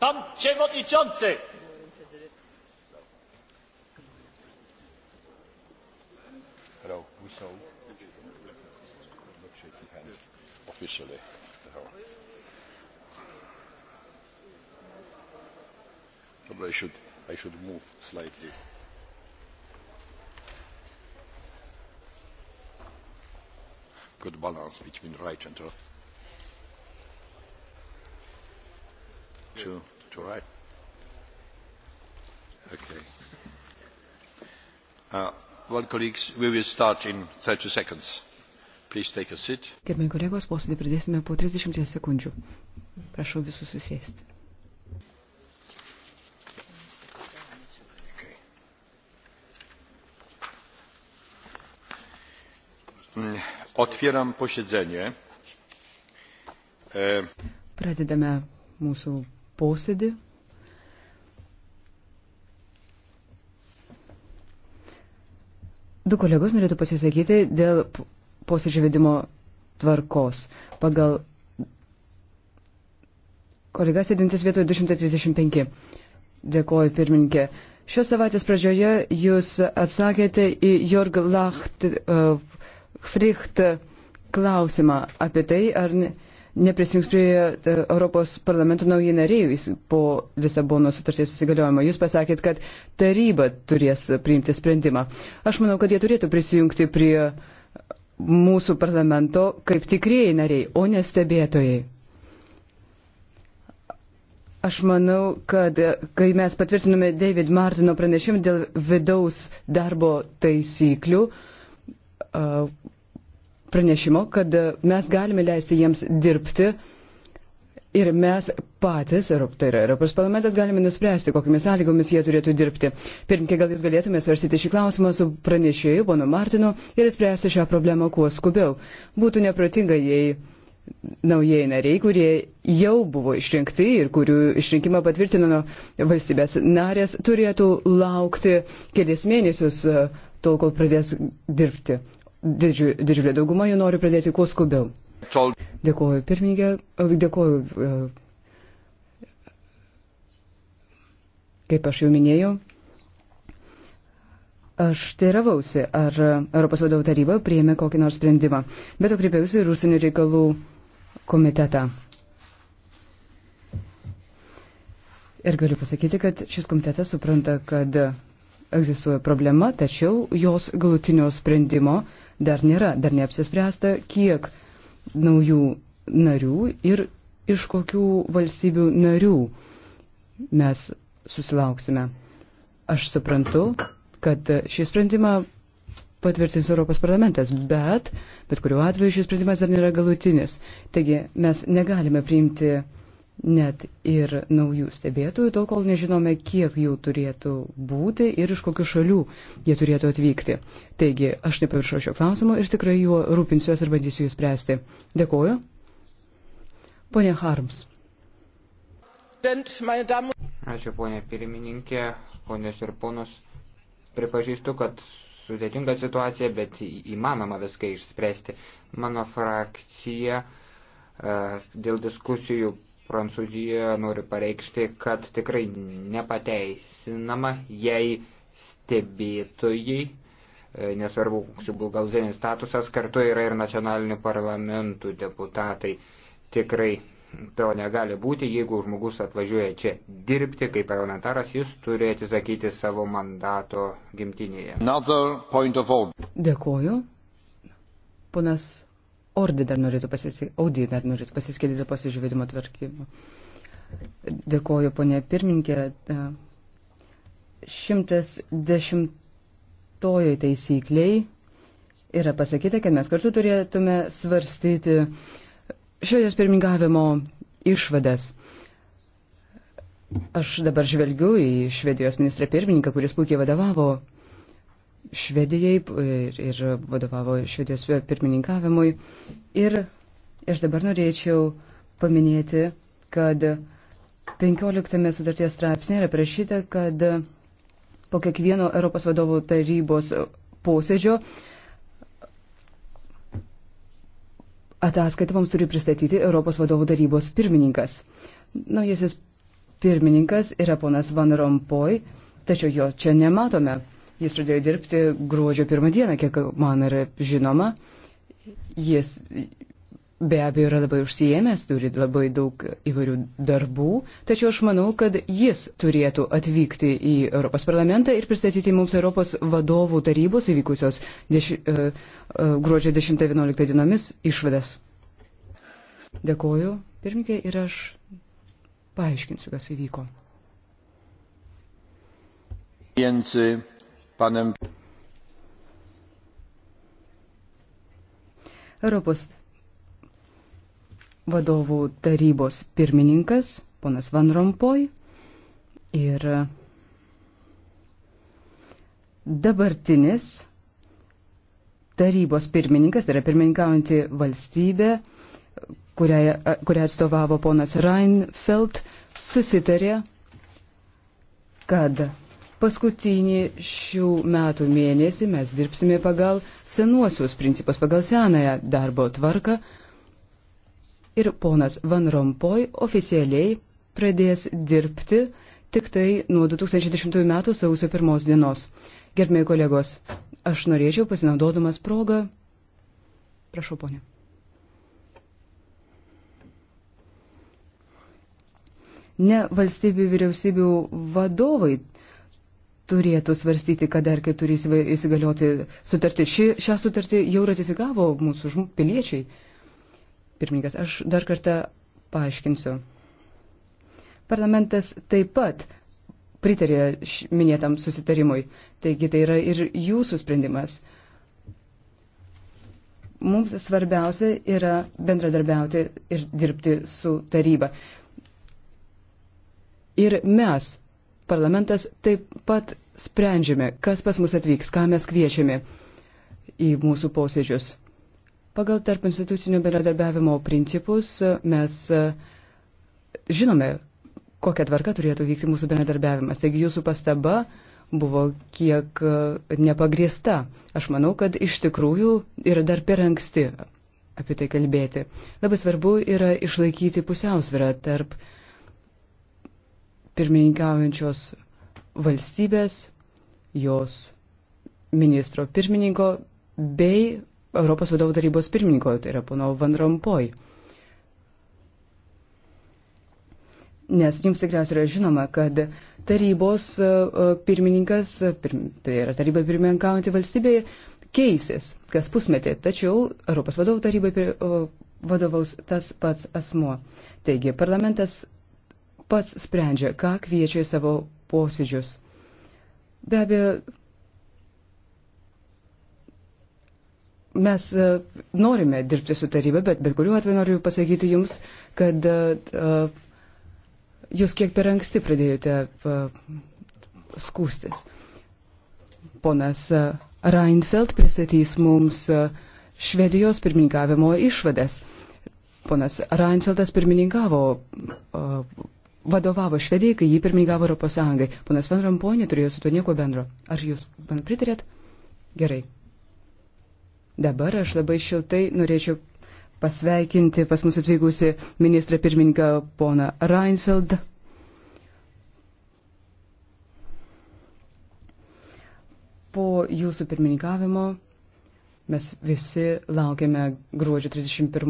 Pan Przewodniczący! Hello, we saw not shaking hands officially. Probably I should, I should move slightly. Good balance between right and left. to, to write? Okay. Uh, well, colleagues, we will start in 30 seconds. Please take a seat. Gerbėjai kolegos, posėdį pradėsime po 30 sekundžių. Prašau visus susėsti. Okay. Mm, otwieram posiedzenie. E... Pradedame mūsų posėdį. Du kolegos norėtų pasisakyti dėl posėdžio vedimo tvarkos. Pagal kolega sėdintis vietoje 235. Dėkoju, pirmininkė. Šios savaitės pradžioje jūs atsakėte į Jorg Lacht uh, Fricht klausimą apie tai, ar ne. Uh, neprisijungs prie e, Europos parlamento nauji nariai po Lisabono sutarties įsigaliojimo. Jūs pasakėt, kad taryba turės priimti sprendimą. Aš manau, kad jie turėtų prisijungti prie mūsų parlamento kaip tikrieji nariai, o ne stebėtojai. Aš manau, kad e, kai mes patvirtinome David Martino pranešimą dėl vidaus darbo taisyklių, uh, pranešimo, kad e, mes galime leisti jiems dirbti ir mes patys, tai yra Europos parlamentas, galime nuspręsti, kokiamis sąlygomis jie turėtų dirbti. Pirmkiai, gal jūs galėtume svarstyti šį klausimą su pranešėju, ponu Martinu, ir spręsti šią problemą kuo skubiau. Būtų neprotinga, jei naujieji nariai, kurie jau buvo išrinkti ir kurių išrinkimą patvirtino valstybės narės, turėtų laukti kelias mėnesius e, tol, kol pradės dirbti didžiulė dauguma jų nori pradėti kuo skubiau. Dėkuoju pirmininkė, e, dėkuoju. E, kaip aš jau minėjau, Aš teiravausi, ar Europos vadovų taryba priėmė kokį nors sprendimą, bet to kreipiausi ir užsienio reikalų komitetą. Ir galiu pasakyti, kad šis komitetas supranta, kad egzistuoja problema, tačiau jos galutinio sprendimo dar nėra, dar neapsispręsta, kiek naujų narių ir iš kokių valstybių narių mes susilauksime. Aš suprantu, kad šį sprendimą patvirtins Europos parlamentas, bet bet kuriuo atveju šis sprendimas dar nėra galutinis. Taigi mes negalime priimti net ir naujų stebėtojų, tol kol nežinome, kiek jų turėtų būti ir iš kokių šalių jie turėtų atvykti. Taigi, aš nepamiršau šio klausimo ir tikrai juo rūpinsiuosi ir bandysiu jį spręsti. Dėkuoju. Pone Harms. Ačiū, ponė pirmininkė, ponės ir ponus. Pripažįstu, kad sudėtinga situacija, bet įmanoma viską išspręsti. Mano frakcija e, dėl diskusijų Prancūzija nori pareikšti, kad tikrai nepateisinama, jei stebėtojai, e, nesvarbu, koks jų bugalzinis statusas, kartu yra ir nacionalinių parlamentų deputatai. Tikrai to negali būti, jeigu žmogus atvažiuoja čia dirbti kaip parlamentaras, jis turi atsisakyti savo mandato gimtinėje. Dėkuoju. Ponas Ordi dar norėtų pasiskirti, Audi dar norėtų pasiskirti dėl pasižiūrėjimo tvarkymo. Dėkoju, ponė pirmininkė. 110 taisykliai yra pasakyta, kad mes kartu turėtume svarstyti švedės pirmingavimo išvadas. Aš dabar žvelgiu į švedijos ministrą pirmininką, kuris puikiai vadovavo Švedijai ir, ir vadovavo Švedijos pirmininkavimui. Ir aš dabar norėčiau paminėti, kad 15 sutarties straipsnė yra prašyta, kad po kiekvieno Europos vadovų tarybos posėdžio ataskaitą mums turi pristatyti Europos vadovų tarybos pirmininkas. Naujasis pirmininkas yra ponas Van Rompuy, tačiau jo čia nematome. Jis pradėjo dirbti gruodžio pirmą dieną, kiek man yra žinoma. Jis be abejo yra labai užsijėmęs, turi labai daug įvairių darbų, tačiau aš manau, kad jis turėtų atvykti į Europos parlamentą ir pristatyti mums Europos vadovų tarybos įvykusios deši, uh, e, uh, e, gruodžio 10-11 dienomis išvadas. Dėkoju, pirmininkė, ir aš paaiškinsiu, kas įvyko. Pienicy panem. Europos vadovų tarybos pirmininkas, ponas Van Rompoj, ir dabartinis tarybos pirmininkas, tai yra pirmininkaujanti valstybė, kurią, kurią atstovavo ponas Reinfeldt, susitarė, kad Paskutinį šių metų mėnesį mes dirbsime pagal senuosius principus, pagal senąją darbo tvarką. Ir ponas Van Rompuy oficialiai pradės dirbti tik tai nuo 2010 metų sausio pirmos dienos. Gerbėjai kolegos, aš norėčiau pasinaudodamas progą. Prašau, ponė. Ne valstybių vyriausybių vadovai turėtų svarstyti, kada ir kaip turi įsigalioti sutartį. Ši, šią sutartį jau ratifikavo mūsų žmų, piliečiai. Pirmininkas, aš dar kartą paaiškinsiu. Parlamentas taip pat pritarė minėtam susitarimui. Taigi tai yra ir jūsų sprendimas. Mums svarbiausia yra bendradarbiauti ir dirbti su taryba. Ir mes parlamentas taip pat sprendžiame, kas pas mus atvyks, ką mes kviečiame į mūsų posėdžius. Pagal tarp institucinio bendradarbiavimo principus e, mes e, žinome, kokią tvarką turėtų vykti mūsų bendradarbiavimas. Taigi jūsų pastaba buvo kiek e, nepagrįsta. Aš manau, kad iš tikrųjų yra dar per anksti apie tai kalbėti. Labai svarbu yra išlaikyti pusiausvyrą tarp uh, pirmininkaujančios valstybės, jos ministro pirmininko bei Europos vadovų tarybos pirmininko, tai yra pono Van Rompoj. Nes jums tikriausiai yra žinoma, kad tarybos e, pirmininkas, tai yra taryba pirmininkaujantį valstybė, keisis kas pusmetį, tačiau Europos vadovų tarybai vadovaus tas pats asmuo. Taigi parlamentas pats sprendžia, ką kviečia į savo posėdžius. Be abejo, mes e, norime dirbti su taryba, bet bet kuriuo atveju noriu pasakyti jums, kad e, e, jūs kiek per anksti pradėjote skūstis. Ponas Reinfeld pristatys mums Švedijos pirmininkavimo išvadas. Ponas Reinfeldas pirmininkavo vadovavo Švedijai, kai jį pirmininkavo Europos Sąjungai. Ponas Van Rampoj neturėjo su to nieko bendro. Ar jūs man pritarėt? Gerai. Dabar aš labai šiltai norėčiau pasveikinti pas mus atvykusi ministrą pirmininką poną Reinfeldą. po jūsų pirmininkavimo mes visi laukiame gruodžio 31